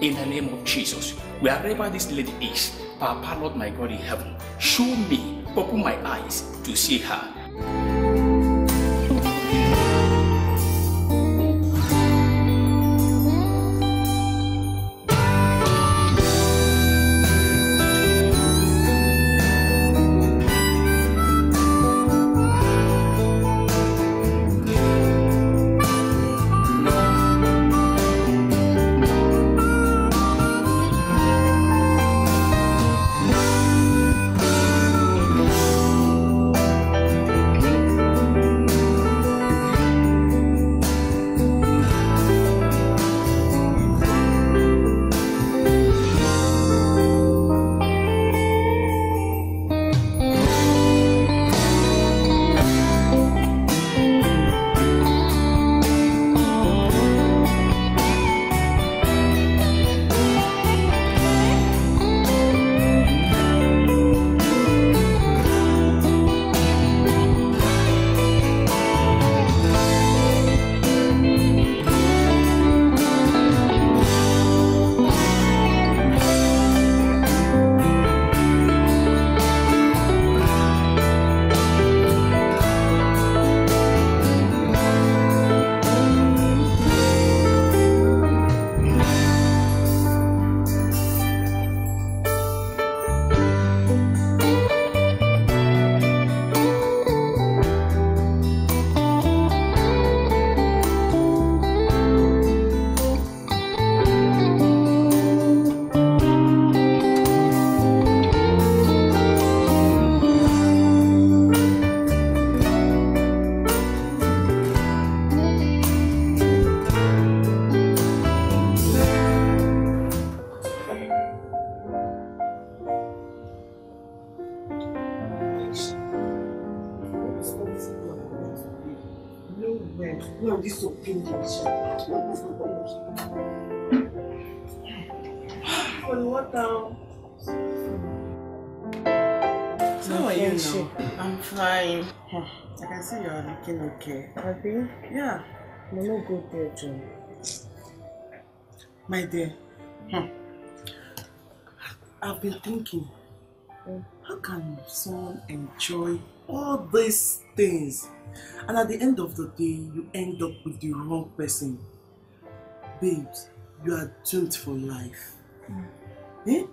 in the name of Jesus. Wherever this lady is, Papa, Lord my God in heaven, show me, open my eyes to see her Where will this so pain division? what now? How are you now? I'm fine. Huh. I can see you're looking okay. Happy? Yeah. No, no good there, John. My dear, huh. Hmm. I've been thinking, hmm. how can someone enjoy all these things and at the end of the day you end up with the wrong person babes you are doomed for life mm. eh?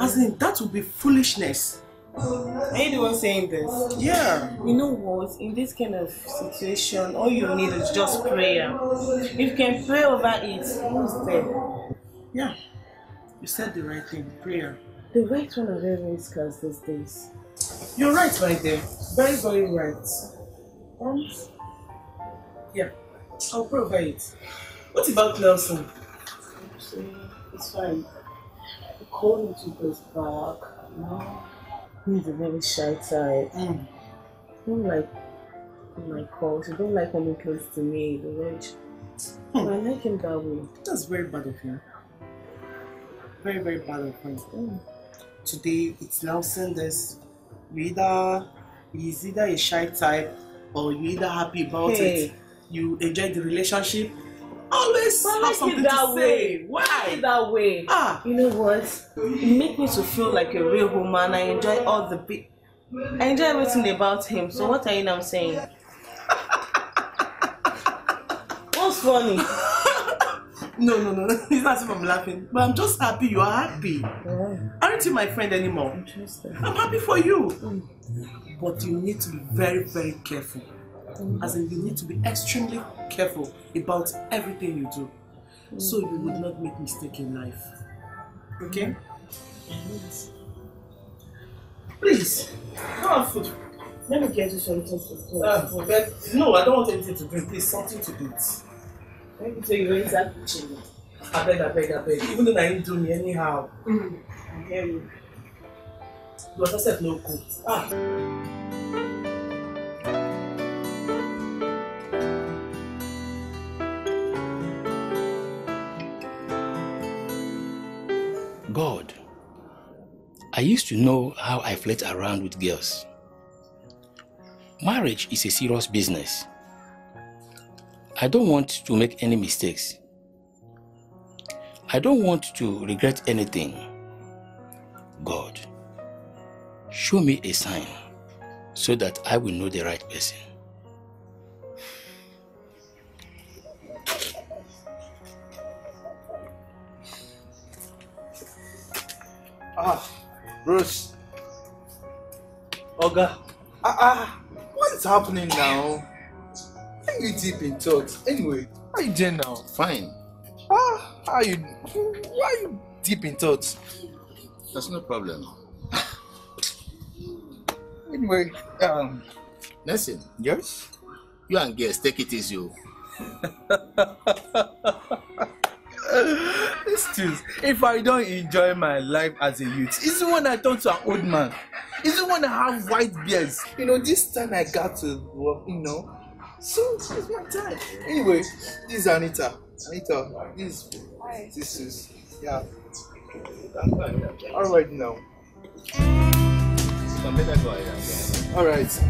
as in that would be foolishness are you the one saying this? Yeah. You know what? In this kind of situation, all you need is just prayer. If you can pray over it, who's there? Yeah. You said the right thing. Prayer. The right one of every curse these days. You're right, my dear. Very, very right. Um, yeah, I'll provide. What about Nelson? it's fine. According to took us back. No. He's a very shy type. Mm. don't like my calls. He don't like coming close to me. The rich. Hmm. I like him that way. That's very bad of him. Very, very bad of him. Mm. Today, it's Nelson, there's you either he's either a shy type or you either happy about hey. it, you enjoy the relationship. Always well, have something that to way. say. Why? that way. Ah. You know what? It makes me to feel like a real woman. I enjoy all the I enjoy everything about him. So what are you now saying? What's funny? No, no, no, no. It's not as if I'm laughing. But I'm just happy you are happy. Yeah. Aren't you my friend anymore? Interesting. I'm happy for you. Mm. But you need to be very, very careful. Mm. As in, you need to be extremely careful about everything you do. Mm. So you would not make mistake in life. Okay? Yes. Please, come on food. Let me get you something to drink. Uh, ah, no, I don't want anything to drink. Please, something to eat. So you went to kitchen. I beg, I beg, I beg. Even though I didn't do me anyhow. Mm. I But I said no cook. Ah. God, I used to know how I flirt around with girls. Marriage is a serious business. I don't want to make any mistakes. I don't want to regret anything. God, show me a sign so that I will know the right person. Ah, Bruce. Oga, Ah, ah, what is happening now? you deep in thought. Anyway, how are you doing now? Fine. Ah, how are you? Why are you deep in thought? That's no problem. anyway, um, listen. Yes. You and girls, take it easy. Oh. Still, if I don't enjoy my life as a youth, it's when I turn to an old man. It's when I have white beards. You know, this time I got to, you know, so it's my type. Anyway, this is Anita. Anita, this this is yeah. All right now. All right.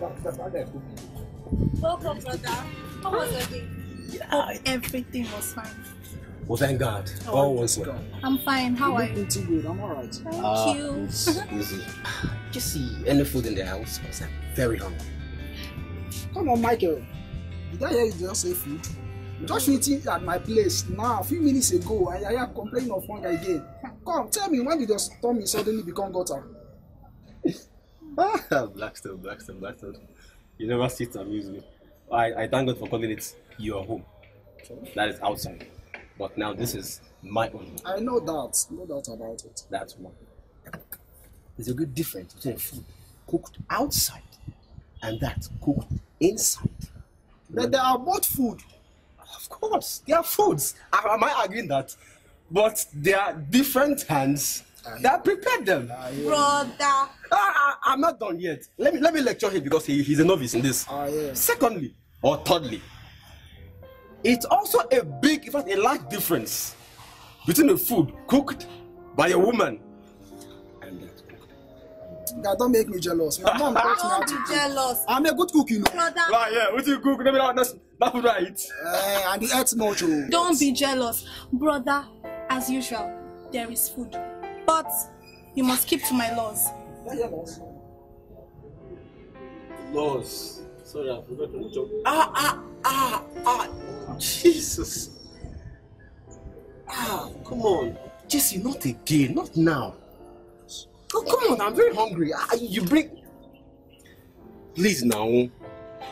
Welcome, brother. How was your day? Yeah, uh, everything was fine. Well, thank God. How oh, was it? I'm fine. How You're are you? too good. I'm all right. Thank uh, you. Easy. you see any food in the house? Because I'm very hungry. Come on, Michael. Did I hear you just say food? Just eating at my place now. A few minutes ago, I, I have complained of hunger again. Come, tell me, when did your me suddenly become gutter? Blackstone, Blackstone, Blackstone. You never cease to amuse me. I, I thank God for calling it your home. That is outside. But now this is my own I know that. No doubt about it. That's one. There's a good difference between food cooked outside and that cooked inside. That they are both food. Of course, they are foods. Am I arguing that? But they are different hands that prepared them. Brother. I, I'm not done yet. Let me let me lecture him because he, he's a novice in this. Ah, Secondly, or thirdly, it's also a big, in fact, a large difference between a food cooked by a woman that don't make me jealous. My mom taught me how to jealous. I'm a good cook, you know. Brother. Right, ah, yeah. What you cook? Let me know. That's that food I eat. Uh, and eats more too. Don't be jealous, brother. As usual, there is food. But you must keep to my laws. Laws. Sorry, I forgot to job. Ah, ah, ah, ah. Jesus. Ah, come on. Jesse, not again. Not now. Oh, come on. I'm very hungry. Ah, you bring... Please now.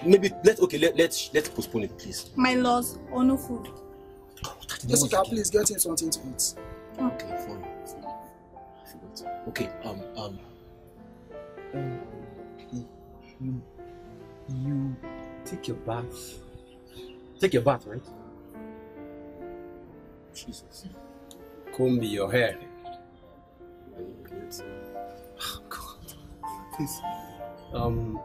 Maybe, let, okay, let, let's, let's postpone it, please. My laws, or no food. Jessica, please get him something to eat. Okay. Fine. Okay, um, um. you, you take your bath. Take your bath, right? Jesus. Comb your hair. Oh, God. Please. Um,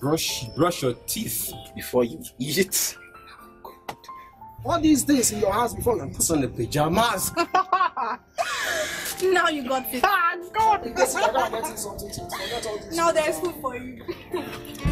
brush, brush your teeth before you eat. All these things in your house before you put on the pajamas. now you got this. Ah! God. Now there's food for you.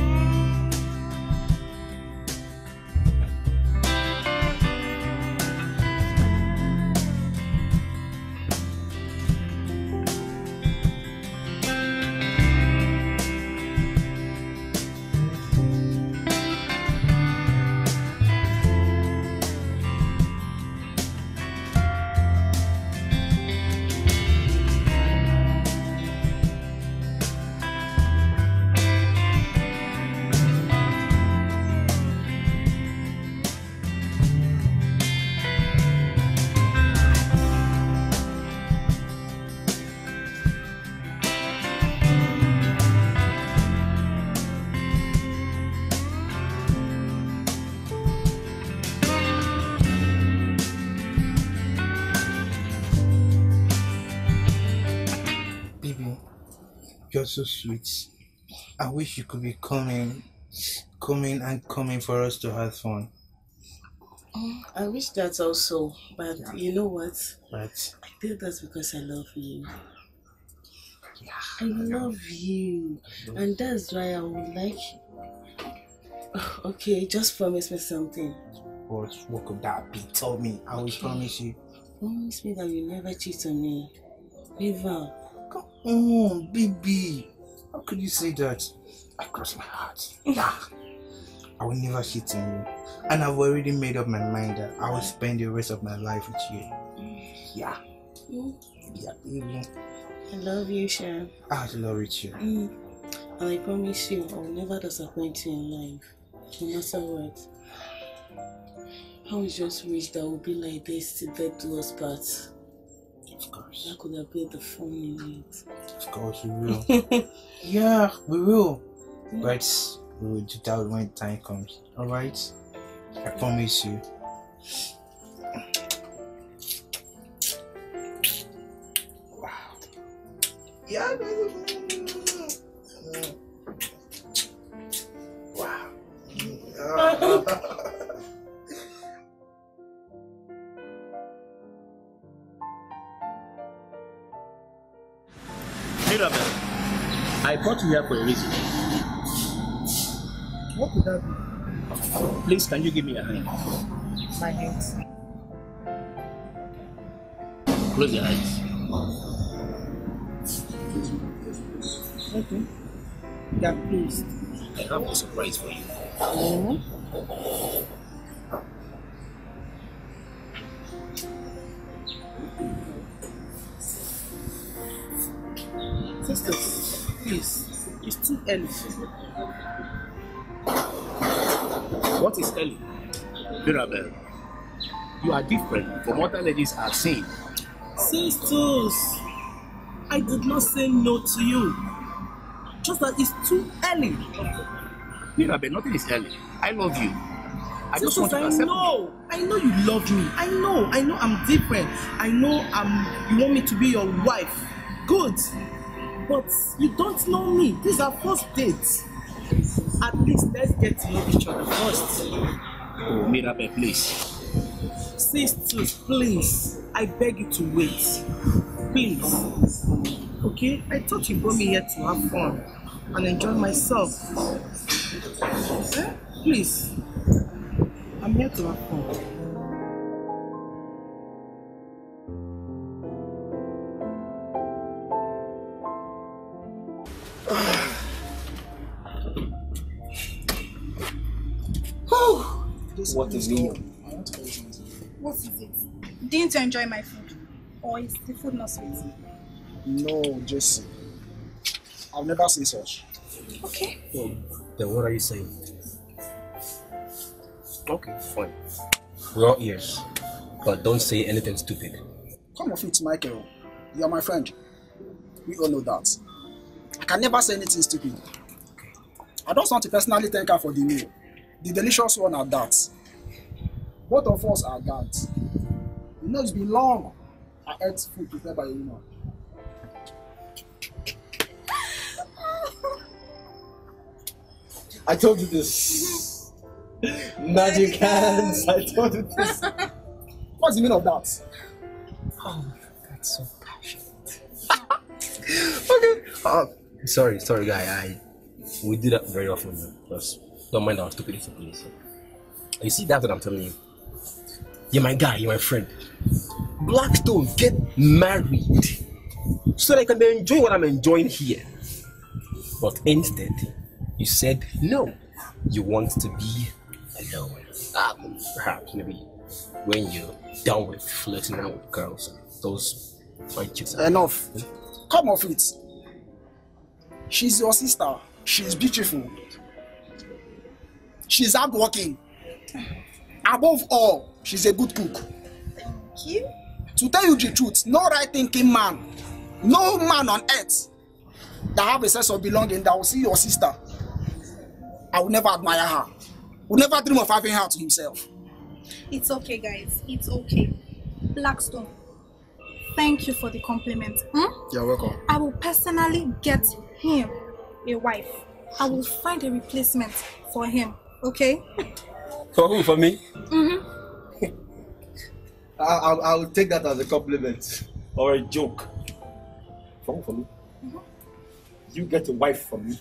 so sweet. I wish you could be coming, coming and coming for us to have fun. I wish that also, but yeah. you know what? But I did that because I love you. Yeah, I love you, and that's why I would like. okay, just promise me something. What? What could that be? Tell me. I will promise you. Promise me that you never cheat on me, never. Come on, baby. How could you say that? I crossed my heart. Yeah. I will never cheat on you. And I've already made up my mind that I will spend the rest of my life with you. Yeah. Mm. Yeah, baby. I love you, Sharon. I love you too. Mm. And I promise you, I will never disappoint you in life. No matter what. I will just wish that would be like this to death do us but. Of course. I could have played the in it. Of course, we will. yeah, we will. Yeah. But we will do that when time comes. Alright? I promise you. Wow. Yeah, baby. brought you here for a reason. What would that be? Please, can you give me your hand? My hand. Close your eyes. Okay. Yeah, please. I have a surprise for you. Mm -hmm. elf? What is early, Mirabel, you are different from what other ladies are saying. Sisters, I did not say no to you. Just that it's too early. Mirabel, nothing is early. I love you. I Sisters, just want to I know. Me. I know you love me. I know. I know I'm different. I know I'm. You want me to be your wife. Good but you don't know me these are first dates at least let's get to know each other first. oh mirabe please. sis too please i beg you to wait please okay i thought you brought me here to have fun and enjoy myself eh? please i'm here to have fun. what is meal. What is it? Didn't you enjoy my food? Or is the food not sweet? No, Jesse. I've never seen such. Okay. then what are you saying? Okay, fine. We're all ears. But don't say anything stupid. Come off it, Michael. Oh. You are my friend. We all know that. I can never say anything stupid. I just want to personally thank her for the meal. The delicious one at that. Both of us are guards. You know, it's been long. I ate food prepared by you. know. I told you this. Magic hands. I told you this. What's the meaning of that? Oh, that's so passionate. okay. Uh, sorry, sorry, guy. I we do that very often. Just don't mind our stupidity, please. You see, that's what I'm telling you. You're my guy, you're my friend. Blackstone, get married so that I can enjoy what I'm enjoying here. But instead, you said no. You want to be alone. Um, perhaps maybe when you're done with flirting out with girls, those white chicks. Enough. Hmm? Come off it. She's your sister. She's beautiful. She's hardworking. Above all, She's a good cook. Thank you. To tell you the truth, no right-thinking man, no man on earth that have a sense of belonging that will see your sister. I will never admire her. Will never dream of having her to himself. It's okay, guys. It's okay. Blackstone, thank you for the compliment. Hmm? You're welcome. I will personally get him a wife. I will find a replacement for him, okay? For who? For me? Mm-hmm. I, I will take that as a compliment or a joke. From for me. Mm-hmm. You get a wife from me.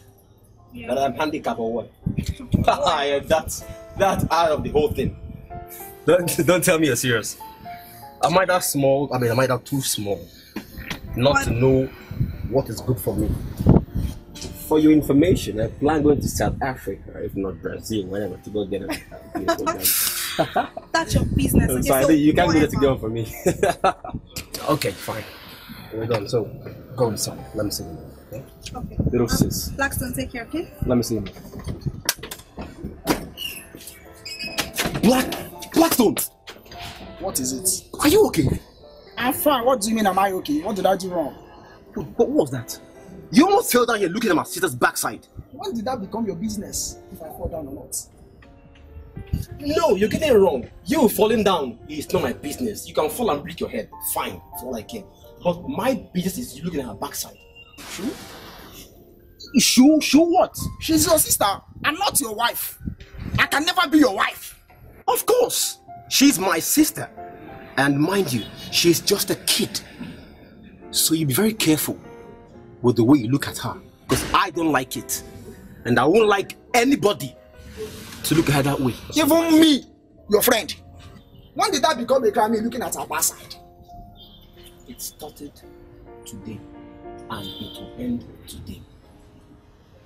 Yeah. That I'm handicapped or what? that's that out of the whole thing. Don't don't tell me you're serious. Am I that small? I mean, am I that too small? Not what? to know what is good for me. For your information, I plan going to South Africa, if not Brazil, whatever, to go get a That's your business. Okay, so you can't whatever. do that again for me. okay, fine. We're done. So go inside. Let me see you. Okay. okay. Little um, sis. Blackstone, take care, okay? Let me see you. Black Blackstone! What is it? Are you okay? I'm fine. What do you mean am I okay? What did I do wrong? But, but what was that? You almost fell down here looking at my sister's backside. When did that become your business? If I fall down or not? No, you're getting it wrong. You falling down is not my business. You can fall and break your head. Fine, for all I care. But my business is you looking at her backside. True? Shoe, shoe what? She's your sister and not your wife. I can never be your wife. Of course. She's my sister. And mind you, she's just a kid. So you be very careful with the way you look at her. Because I don't like it. And I won't like anybody to look at her that way. Even me, your friend. When did that become a crime? Looking at her past side. It started today, and it will end today.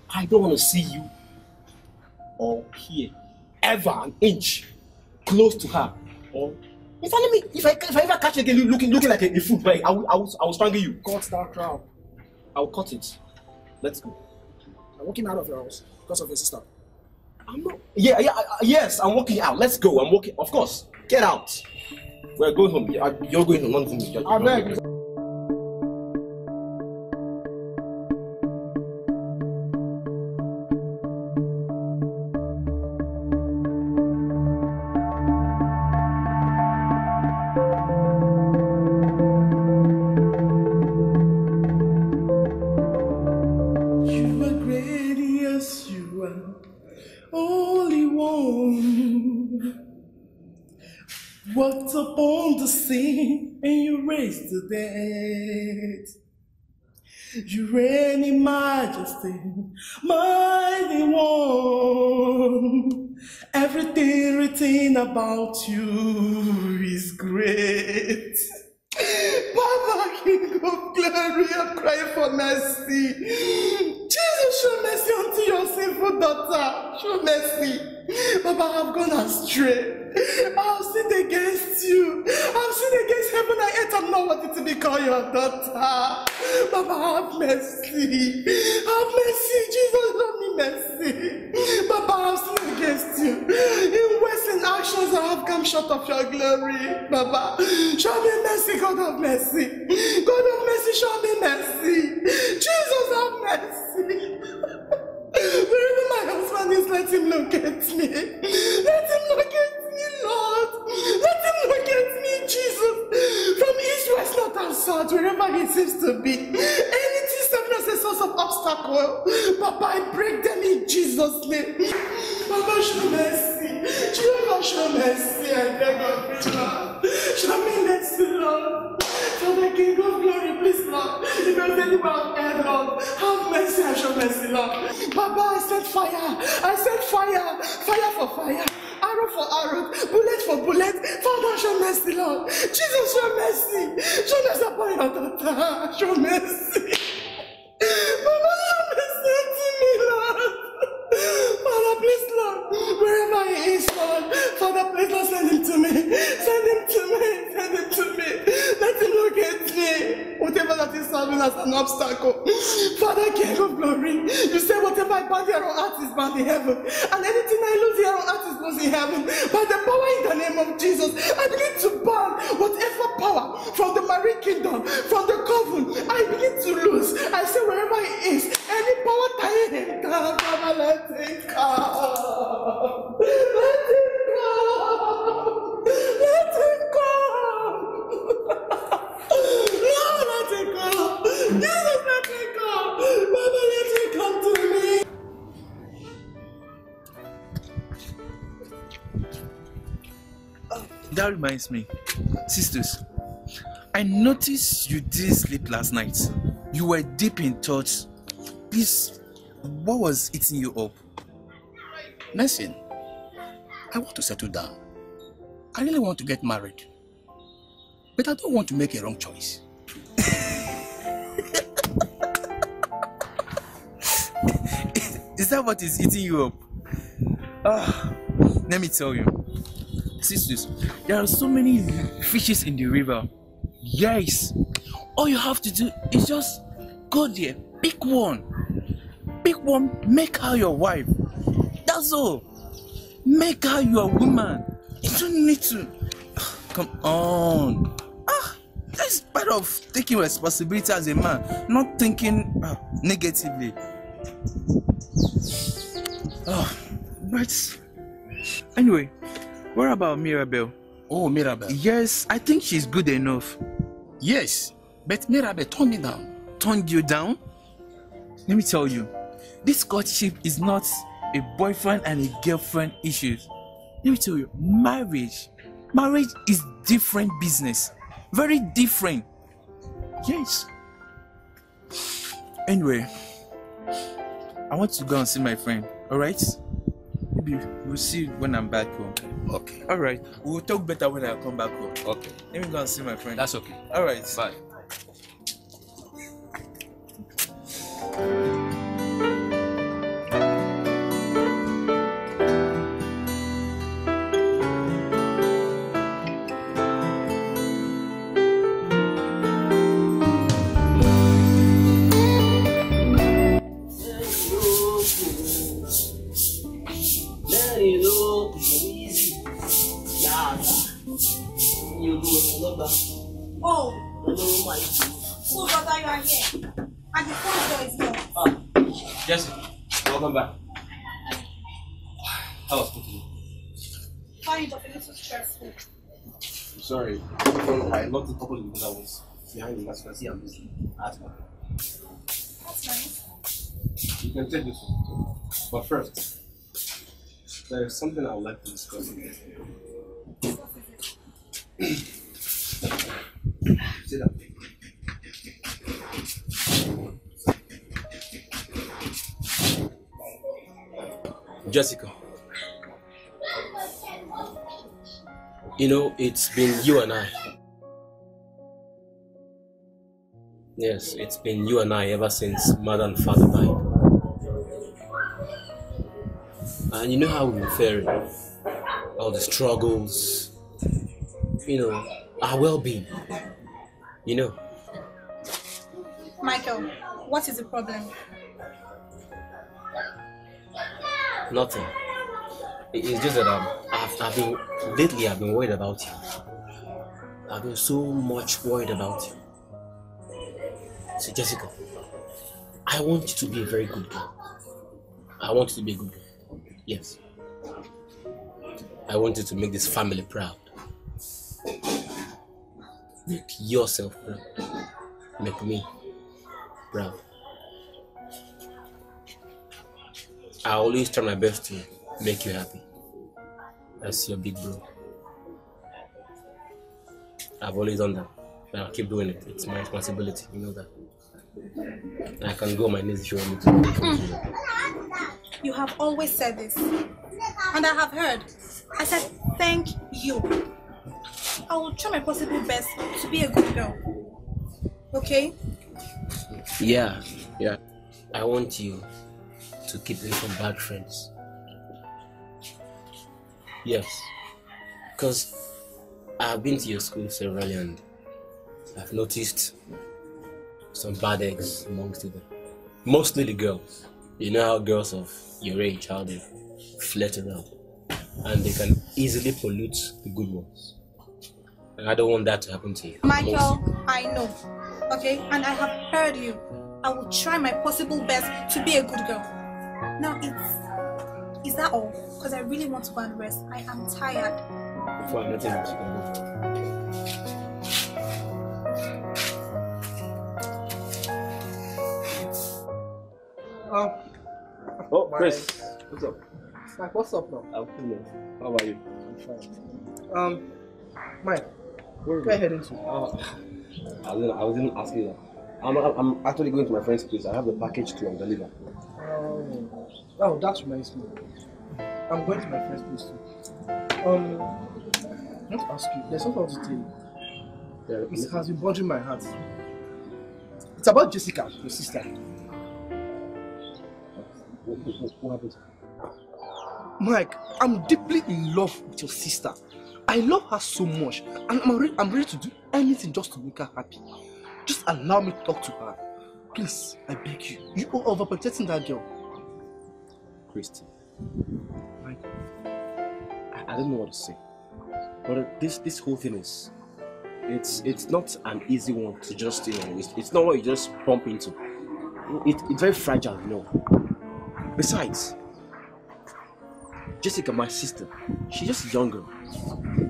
I don't want to see you or here, ever an inch close to her or If I let me, if I, if I ever catch you again looking, looking like a, a fool, boy, I will, I, will, I will strangle you. Cut that crowd. I will cut it. Let's go. I'm walking out of your house because of your sister. I'm not. Yeah, yeah, I, yes, I'm walking out. Let's go. I'm walking. Of course. Get out. We're going home. You're going home. Not me. You're, praise today. You reign in majesty, mighty one. Everything written about you is great. Papa, King of glory, I cry for mercy. Jesus, show mercy beautiful daughter, show mercy. Papa, I've gone astray. I've sinned against you. I've sinned against heaven and earth. I'm not worthy to be called your daughter. Papa, have mercy. Have mercy. Jesus, love me mercy. Papa, I've sinned against you. In words and actions, I have come short of your glory. Papa, show me mercy. God, have mercy. God, have mercy. Show me mercy. Jesus, have mercy. Wherever my husband is, let him look at me. Let him look at me, Lord. Let him look at me, Jesus. From east, west, north, and south, wherever he seems to be. Anything serving as a source of obstacle, Papa, I break them in Jesus' name. Papa, show mercy. Jehovah, show mercy. I beg of you, Lord. Show me mercy, Lord. So the King of glory, please, Lord. If there's anyone out there, eh, Lord, have mercy and show mercy, Lord. Baba, I set fire. I set fire. Fire for fire. Arrow for arrow. Bullet for bullet. Father, show mercy, Lord. Jesus, show mercy. Show mercy upon your daughter. Show mercy. You say whatever I bind here on earth is bound in heaven. And anything I lose here on earth is lost in heaven. By the power in the name of Jesus, I begin to burn whatever power from the marine kingdom, from the coven, I begin to lose. I say wherever it is, any power I reminds me, sisters, I noticed you didn't sleep last night. You were deep in thoughts. Please, what was eating you up? Nothing. I want to settle down. I really want to get married. But I don't want to make a wrong choice. is that what is eating you up? Ah, let me tell you there are so many fishes in the river yes all you have to do is just go there pick one pick one make her your wife that's all make her your woman you don't need to come on ah that's part of taking responsibility as a man not thinking uh, negatively oh, but anyway what about Mirabel? Oh, Mirabel. Yes, I think she's good enough. Yes, but Mirabel turned me down. Turned you down? Let me tell you, this courtship is not a boyfriend and a girlfriend issue. Let me tell you, marriage, marriage is different business. Very different. Yes. Anyway, I want to go and see my friend, alright? we'll see when I'm back home. Okay. All right. We'll talk better when I come back home. Okay. Let me go and see my friend. That's okay. All right. Bye. behind the glass. You can see I'm busy. That's nice. You can take this one But first, there is something I would like to discuss with you. Jessica. You know, it's been you and I Yes, it's been you and I ever since mother and father died. And you know how we've been faring. All the struggles, you know, our well being. You know. Michael, what is the problem? Nothing. It's just that I've, I've been, lately I've been worried about you. I've been so much worried about you. Jessica, I want you to be a very good girl. I want you to be a good girl. Yes. I want you to make this family proud. Make yourself proud. Make me proud. I always try my best to make you happy. That's your big bro. I've always done that. And I'll keep doing it. It's my responsibility, you know that. I can go my knees if you want me to. You have always said this. And I have heard. I said, thank you. I will try my possible best to be a good girl. Okay? Yeah, yeah. I want you to keep me from bad friends. Yes. Because I've been to your school several and I've noticed some bad eggs amongst them. Mostly the girls. You know how girls of your age, how they flirt around. And they can easily pollute the good ones. And I don't want that to happen to you. Michael, I know. Okay? And I have heard you. I will try my possible best to be a good girl. Now it's is that all? Because I really want to go and rest. I am tired. Uh, oh. Oh, Chris. What's up? Mike, what's up now? I'm cool. How about you? I'm fine. Um, Mike, where are you heading to? Ah, I was, I was even asking that. I'm, I'm actually going to my friend's place. I have the package to um, deliver. Um, oh, oh that reminds me. I'm going to my friend's place too. Um, I want to ask you, there's something I want to tell you. Yeah, it has been bothering my heart. It's about Jessica, your sister. What happened? Mike, I'm deeply in love with your sister. I love her so much, and I'm ready, I'm ready to do anything just to make her happy. Just allow me to talk to her. Please, I beg you. You are overprotecting that girl. Christy, Mike, I, I don't know what to say. But this this whole thing is it's it's not an easy one to just you know it's, it's not what you just pump into it, it's very fragile you know Besides, Jessica, my sister, she's just younger.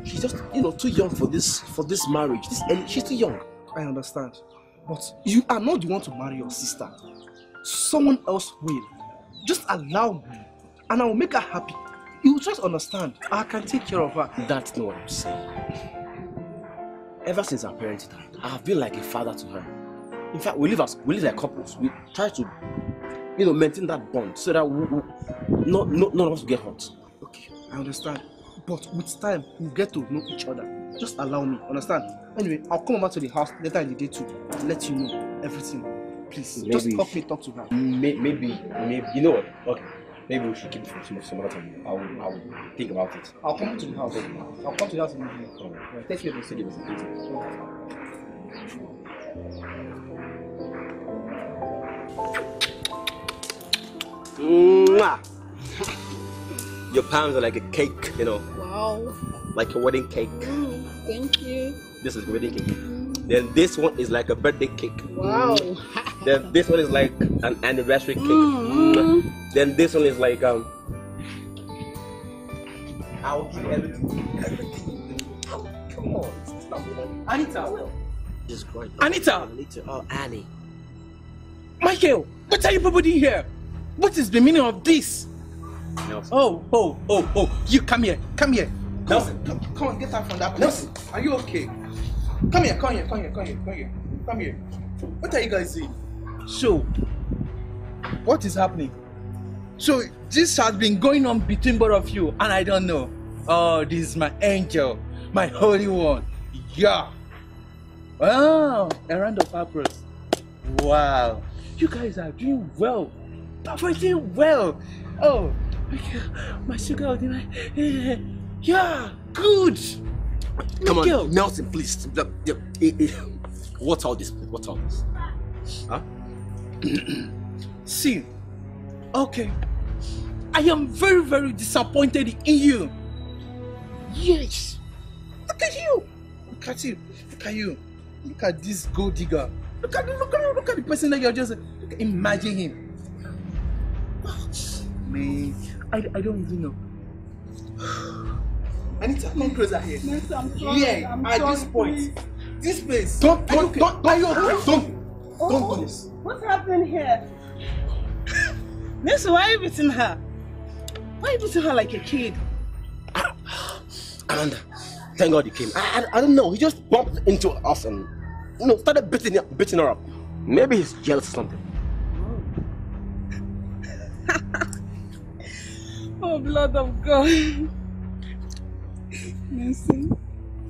She's just, you know, too young for this for this marriage. This she's too young. I understand. But you are not the one to marry your sister. Someone else will. Just allow me, and I will make her happy. You just understand. I can take care of her. That's not what I'm saying. Ever since her parents died, I have been like a father to her. In fact, we live as we live like couples. We try to you know, maintain that bond so that we, we, not, not, none of us get hurt. Okay, I understand. But with time, we'll get to know each other. Just allow me, understand? Anyway, I'll come over to the house later in the day to let you know everything. Please, maybe, just talk me talk to her. May, maybe, maybe, you know what? Okay. Maybe we should keep it for some, some other time. I will, I will think about it. I'll come to the house. I'll come to the house in the evening. Right. Thank you for Mwah! Your palms are like a cake, you know. Wow. Like a wedding cake. Mm, thank you. This is wedding cake. Then this one is like a birthday cake. Wow. then this one is like an anniversary cake. Mm-hmm. Then this one is like um. I'll give everything. everything. Come on, stop it. Anita. Just Christ. Anita. Anita. Oh, Annie. Michael, what are you people doing here? What is the meaning of this? Nelson. Oh, oh, oh, oh. You come here. Come here. Nelson. Come, come on, get out from that place. Nelson, are you okay? Come here, come here, come here, come here, come here. Come here. What are you guys doing? So, what is happening? So, this has been going on between both of you, and I don't know. Oh, this is my angel, my holy one. Yeah. Wow, a round of applause. Wow. You guys are doing well. Papa, I did well. Oh, my sugar, did I? Yeah, good. Come Good on, Nelson, please. Eh, eh, What's all this? What's all this? Huh? See, okay. I am very, very disappointed in you. Yes. Look at you. Look at you. Look at you. Look at this gold digger. Look at look at look at the person that you're just. Imagine him man. I, I don't even know. I need to come closer here. Yes, I'm sorry. Yeah, I'm at this point. Please. This place. Don't, don't, okay? don't, don't, don't, don't, don't, oh, don't do this. What's happening here? Nessa, why are you beating her? Why are you beating her like a kid? Amanda, thank God you came. I, I, I don't know. He just bumped into us and, you know, started beating, beating her up. Maybe he's jealous or something. Oh, blood of God. Nancy,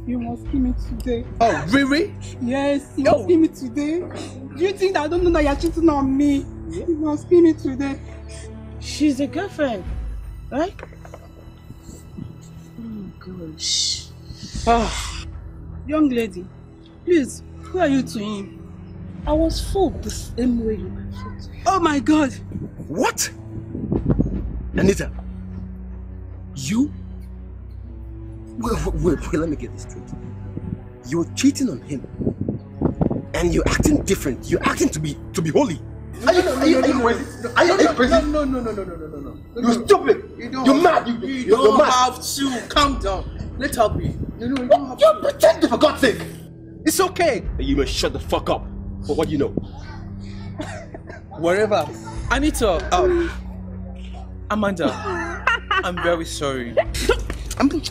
you must kill me today. Oh, really? Yes, you no. must kill me today. Do you think I don't know that you're cheating on me? Yeah. You must kill me today. She's a girlfriend, right? Oh, gosh. Oh. Young lady, please, who are you to him? I was fooled the same way you were fooled. Oh my God! What? Anita, you? Wait, wait, wait, let me get this straight. You were cheating on him. And you're acting different. You're acting to be to be holy. Are you, are you, crazy? Are you crazy? No, no, no, no, no, no, no, no. You're stupid. You are mad. you're mad. You, are don't mad. have to. Calm down. Let her be. you are pretending for God's sake. It's okay. You must shut the fuck up. For what do you know? Wherever. Anita. Amanda. I'm very sorry. I'm, I'm,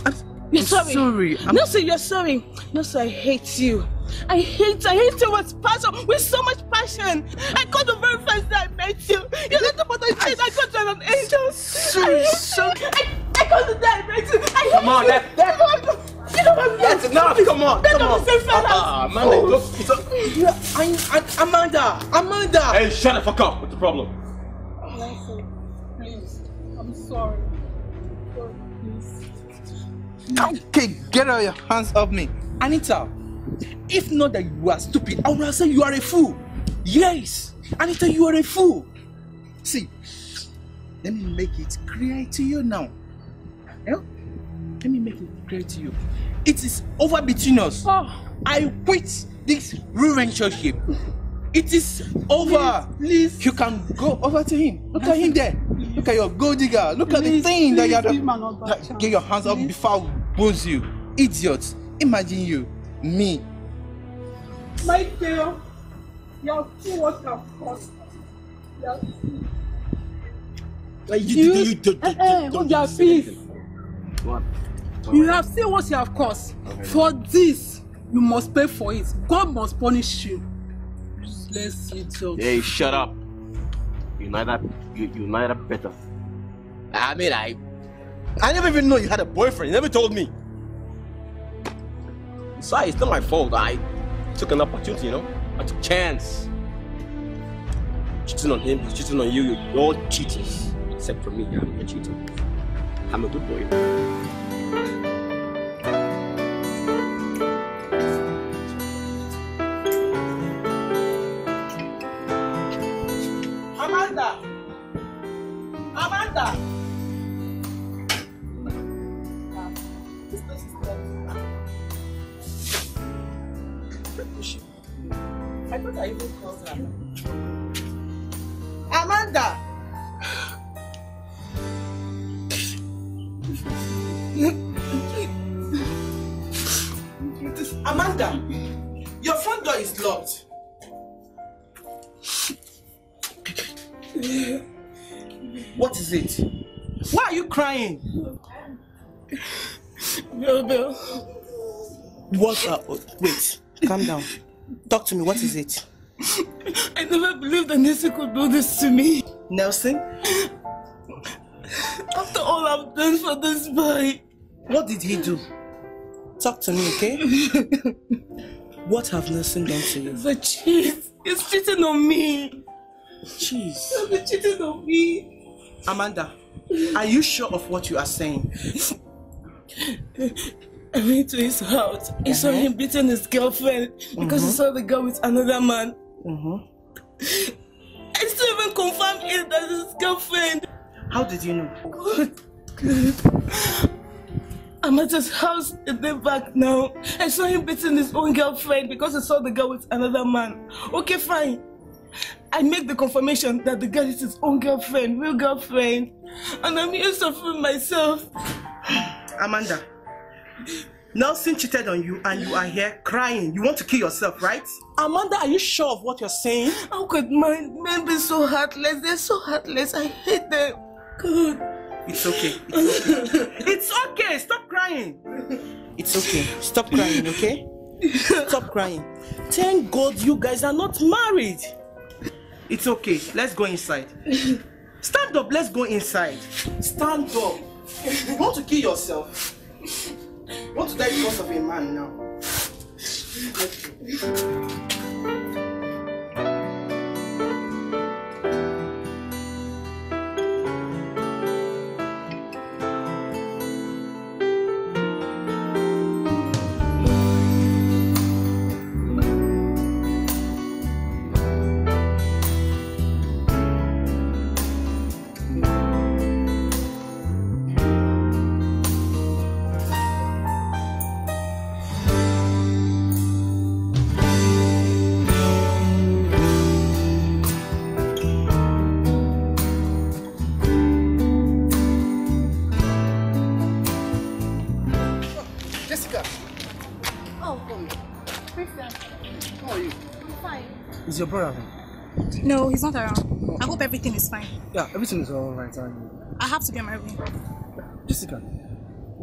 you're sorry. sorry. I'm... No, sir, you're sorry. No, sir, I hate you. I hate, I hate you with passion, with so much passion. I called the very first day I met you. You're not the mother I, I called you an angel. Sorry, sorry. I, I called the day I met you. I Come on, you. that, that. You know what? That's enough. Come on, come on. Ah, uh, Amanda, oh. look. I'm. I, am Amanda, Amanda. Hey, shut the fuck up. What's the problem? Nelson, please. I'm sorry. Okay, get of your hands off me. Anita, if not that you are stupid, I would have said you are a fool. Yes, Anita, you are a fool. See, let me make it clear to you now. Yeah? Let me make it clear to you. It is over between us. Oh. I quit this relationship. It is over. Please, please. You can go over to him. Look at him there. Look at your gold digger. Look please, at the thing that you have. Get your hands up before bones you idiot imagine you me. my dear you have seen what you have caused you are too. Like you, you, you, you, you, eh, eh, don't you, What? you have seen what you have caused okay. for this you must pay for it God must punish you useless idiot. hey shut up you neither you, you neither better. I mean I. I never even know you had a boyfriend. You never told me. Sorry, it's not my fault. I took an opportunity, you know? I took chance. Cheating on him, he's cheating on you. You're all cheaters. Except for me, I'm a cheater. I'm a good boy. mean? No, Bill. What? up? Uh, wait, calm down. Talk to me, what is it? I never believed that Nelson could do this to me. Nelson? After all I've done for this boy. What did he do? Talk to me, okay? what have Nelson done to you? The cheese. He's cheating on me. Cheese. He's cheating on me. Amanda, are you sure of what you are saying? I went to his house. He uh -huh. saw uh-huh. him beating his girlfriend because uh -huh. he mm-hmm. saw the girl with another man. Uh -huh. I still even confirmed it that his girlfriend. How did you know? I'm at his house a day back now. I saw him beating his own girlfriend because he saw the girl with another man. Okay, fine. I make the confirmation that the girl is his own girlfriend, real girlfriend. And I'm here suffering myself. Amanda, Nelson cheated on you and you are here crying. You want to kill yourself, right? Amanda, are you sure of what you're saying? How could men, men be so heartless? They're so heartless. I hate them. God. It's okay. It's okay. it's okay. Stop crying. It's okay. Stop crying, okay? Stop crying. Thank God you guys are not married. It's okay. Let's go inside. Stand up. Let's go inside. Stand up. You want to kill yourself? You want to die because of a man now? Okay. your brother No, he's not around. I oh. hope everything is fine. Yeah, everything is all right. I have to get my Jessica,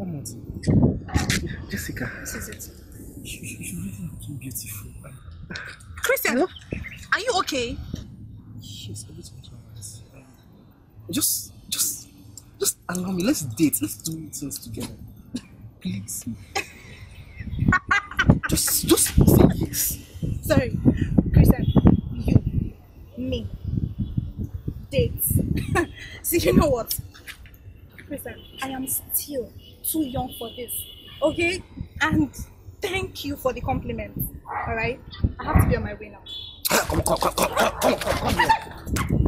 one more thing. Jessica. This is it. You, you really are too beautiful. Christian, Hello? are you okay? Yes, alright. Um, just, just, just allow me. Let's date. Let's do things together. Please. just, just say yes. Sorry, Christian me dates See, you know what Kristen, i am still too young for this okay and thank you for the compliment all right i have to be on my way now ah, come come come come come come, come, come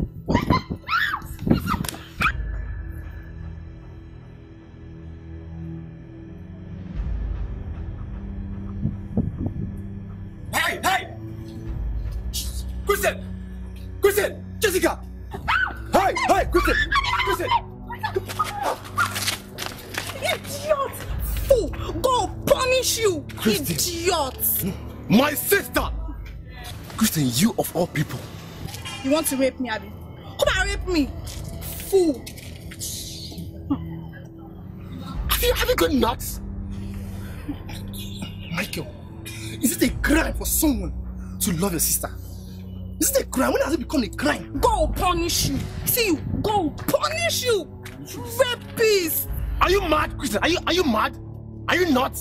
you of all people. You want to rape me, Abby? Come and rape me! Fool! Hmm. Have you, have you gone nuts? Michael, is it a crime for someone to love your sister? Is it a crime? When has it become a crime? God punish you! See you! God punish you! Rapist! Are you mad, Christian? Are you are you mad? Are you oh, not?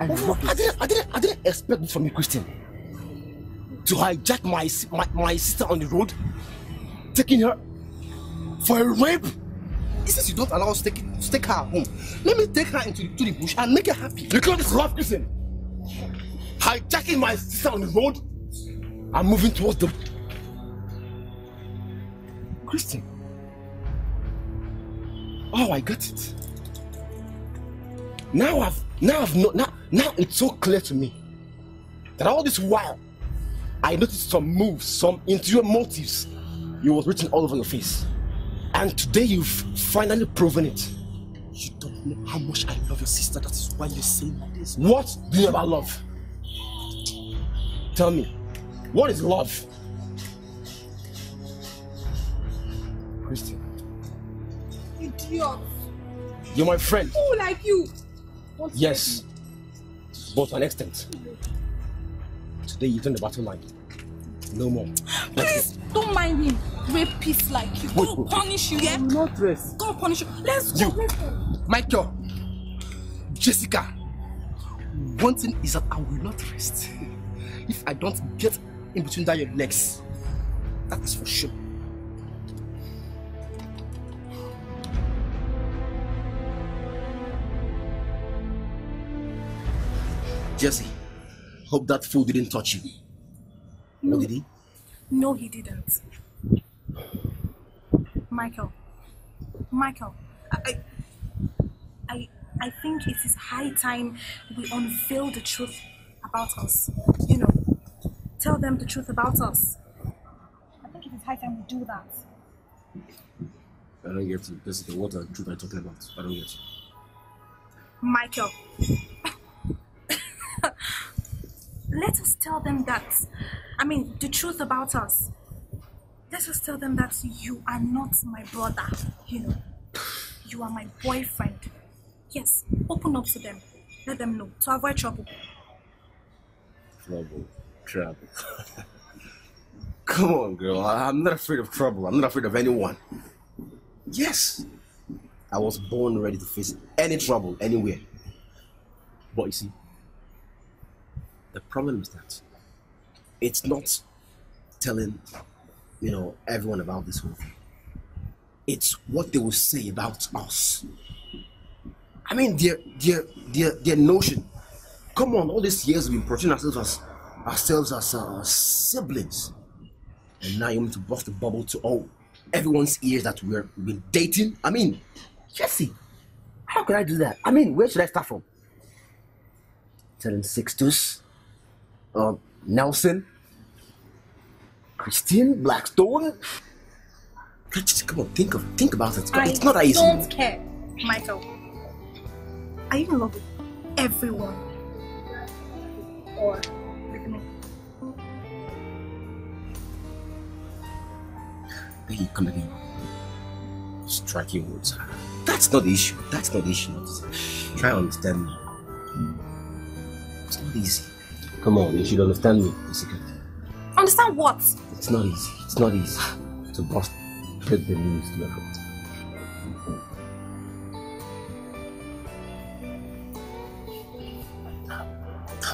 I, I didn't I didn't I didn't expect this from you, Christian to hijack my, my, my sister on the road? Taking her for a rape? He says you don't allow us to take, to take her home, let me take her into the, to the bush and make her happy. You call this rough prison? Hijacking my sister on the road? I'm moving towards the... Christian. Oh, I got it. Now I've, now I've, not, now, now it's so clear to me that all this while I noticed some moves, some interior motives you was written all over your face. And today you've finally proven it. You don't know how much I love your sister. That is why you're saying this. What do you about love? Tell me, what is love? Christian. Idiot. You're my friend. Who like you? What's yes, both an extent. Today you've done the battle line. No more. Please don't mind me. Rapist like you. Go punish you, yeah? I'm not dress. Go punish you. Let's go. You, Michael, Jessica, one thing is that I will not rest if I don't get in between that your legs. That is for sure. Jesse. Hope that fool didn't touch you. No, did he? No, he didn't. Michael. Michael. I, I, I think it is high time we unveil the truth about us. You know, tell them the truth about us. I think it is high time we do that. I don't get you. Jessica, what are the truth are you talking about? I don't get you. Michael. let us tell them that, I mean, the truth about us. Let us tell them that you are not my brother, you know. You are my boyfriend. Yes, open up to them. Let them know to avoid trouble. Trouble, trouble. Come on, girl. I'm not afraid of trouble. I'm not afraid of anyone. Yes, I was born ready to face any trouble anywhere. But you see, the problem is that it's not telling, you know, everyone about this whole thing. It's what they will say about us. I mean, their their their their notion. Come on, all these years we've been portraying ourselves as ourselves as uh, siblings, and now you want to bust the bubble to all everyone's ears that we're we've been dating. I mean, Jesse, how could I do that? I mean, where should I start from? Telling Sixtus uh, Nelson, Christine Blackstone. just come on, think of, think about it. it's not easy. I don't care, Michael. Are you in love with everyone, or with me? Then you come again. Striking words. That's not the issue. That's not the issue. Try to understand me. Hmm. It's not easy. Come on, you should understand me, Understand what? It's not easy. It's not easy to bust the news to everyone.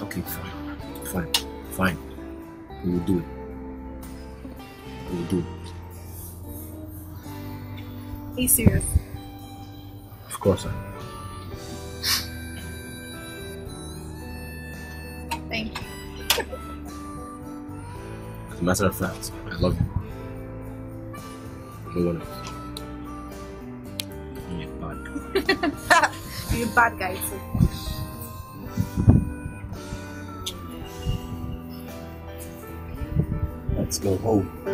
Okay, fine. Fine. Fine. We will do it. We will do it. Are you serious? Of course I am. matter of fact, I love you. No one else. You're bad. You're bad guy Let's go home.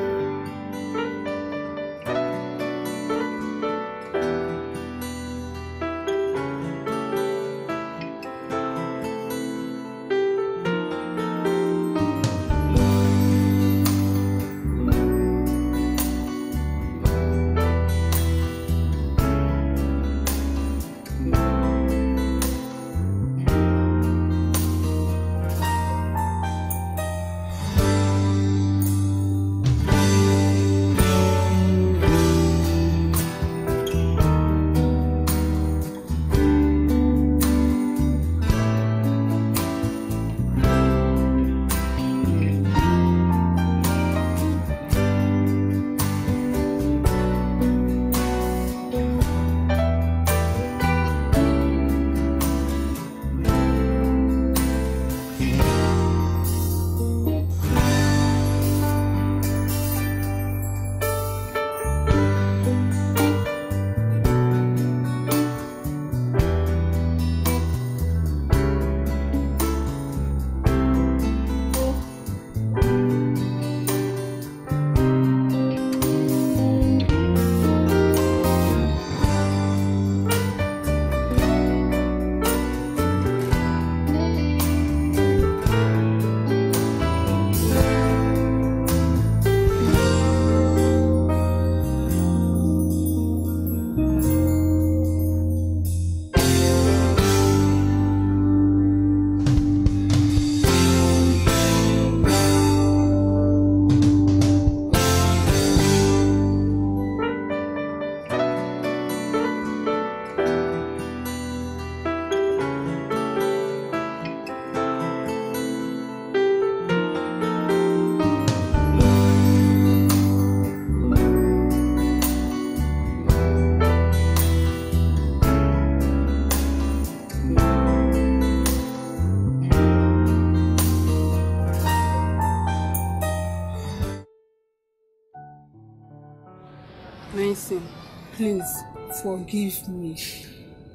forgive me.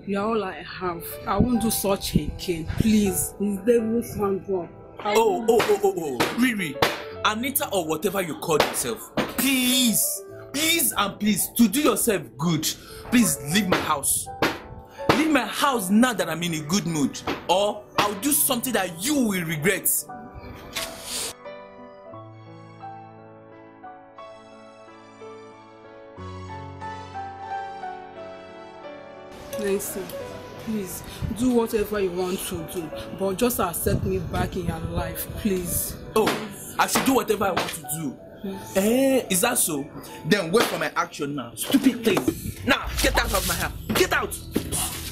You're all I have. I won't do such a thing. Please, it's devil's handwork. Oh, oh, oh, oh, oh, Riri, Anita or whatever you call yourself, please, please and please, to do yourself good, please leave my house. Leave my house now that I'm in a good mood, or I'll do something that you will regret. cleansing. Please do whatever you want to do, but just accept me back in your life, please. Oh, I should do whatever I want to do. Yes. Eh, is that so? Then wait for my action now. Stupid thing. Now get out of my house. Get out.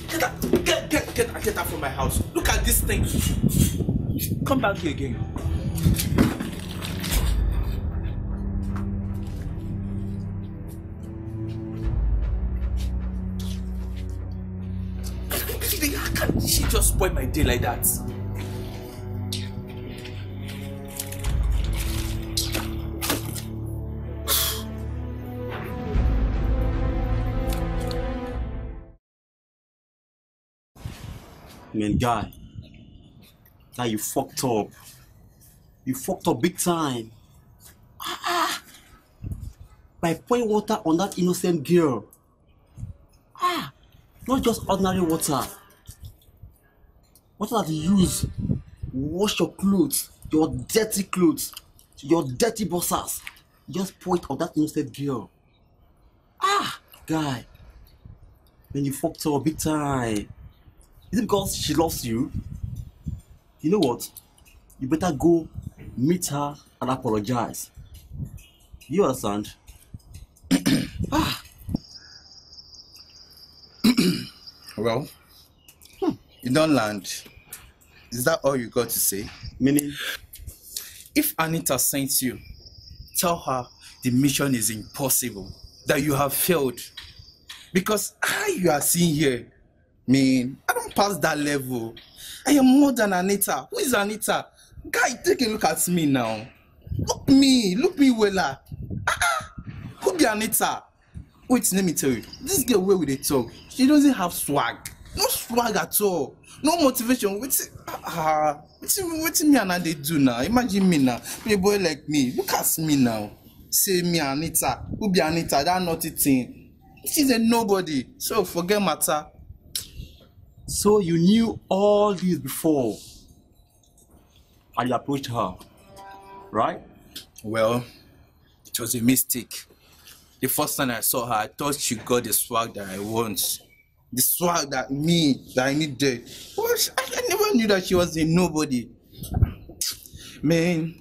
Get out. Get get get, get out from my house. Look at this thing. Come back here again. She just spoiled my day like that. Man, guy, that you fucked up. You fucked up big time. Ah, by ah. pouring water on that innocent girl. Ah, not just ordinary water. What that you use wash your clothes your dirty clothes your dirty boxers just pour it on that innocent girl ah guy when you fucked her big time is it because she loves you you know what you better go meet her and apologize you understand ah well hmm. you don land Is that all you got to say? Meaning, if Anita sends you, tell her the mission is impossible, that you have failed. Because how you are seeing here, mean, I don't pass that level. I am more than Anita. Who is Anita? Guy, take a look at me now. Look me, look me wella. Ah, ah, Who be Anita? Wait, let me tell you. This girl where we dey talk, she doesn't have swag no swag at all no motivation wetin ah wetin ah. wetin me and I dey do now imagine me now be boy like me look at me now say me anita who be anita that naughty thing This is a nobody so forget matter. so you knew all this before and you approached her right. well it was a mistake the first time i saw her i thought she got the swag that i want the swag that me that I need there. What? I, never knew that she was a nobody. Man.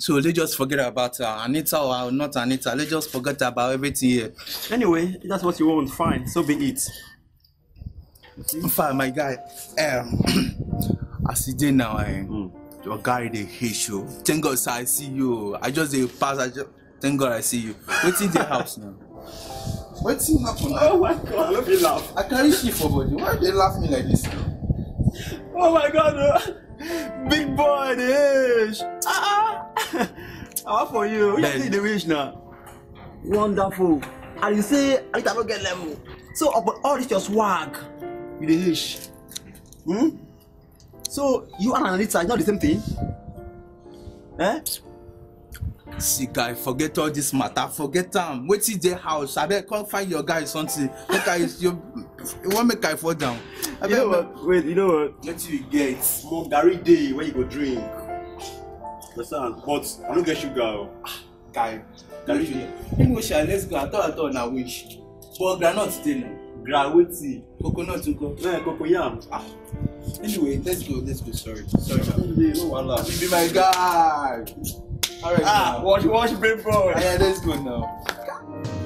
So let's just forget about her. Uh, Anita or not Anita. Let's just forget about everything here. Anyway, that's what you want. Fine. So be it. Fine, my guy. Um, as you is now, eh, mm. your guy they hate you. Thank God, sir, I see you. I just they pass. I just, thank God, I see you. What's in the house now? wetin happen now? oh my god i no fit laugh i carry shit for body why you dey laugh me like dis oh my god o oh. big boy dey age ah ah for you which one you dey wish na wonderful and you say anita no get level so upon all this your swag you dey age hmm so you and anita you know the same thing eh see guy forget all this matter forget am wetin dey house abeg come find your guy something make i you wan make i fall down. you know what wait you know what. wetin you get small garri dey wey you go drink understand but i no get sugar o. Oh. Ah, guy garri dey any wish i let's go i thought i thought na wish but groundnut dey na. gra coconut nko. no cocoyam. ah anyway let's go let's go sorry sorry. no wahala. you be my guy. All right. Ah, watch, watch, bring forward. Yeah, that's good now.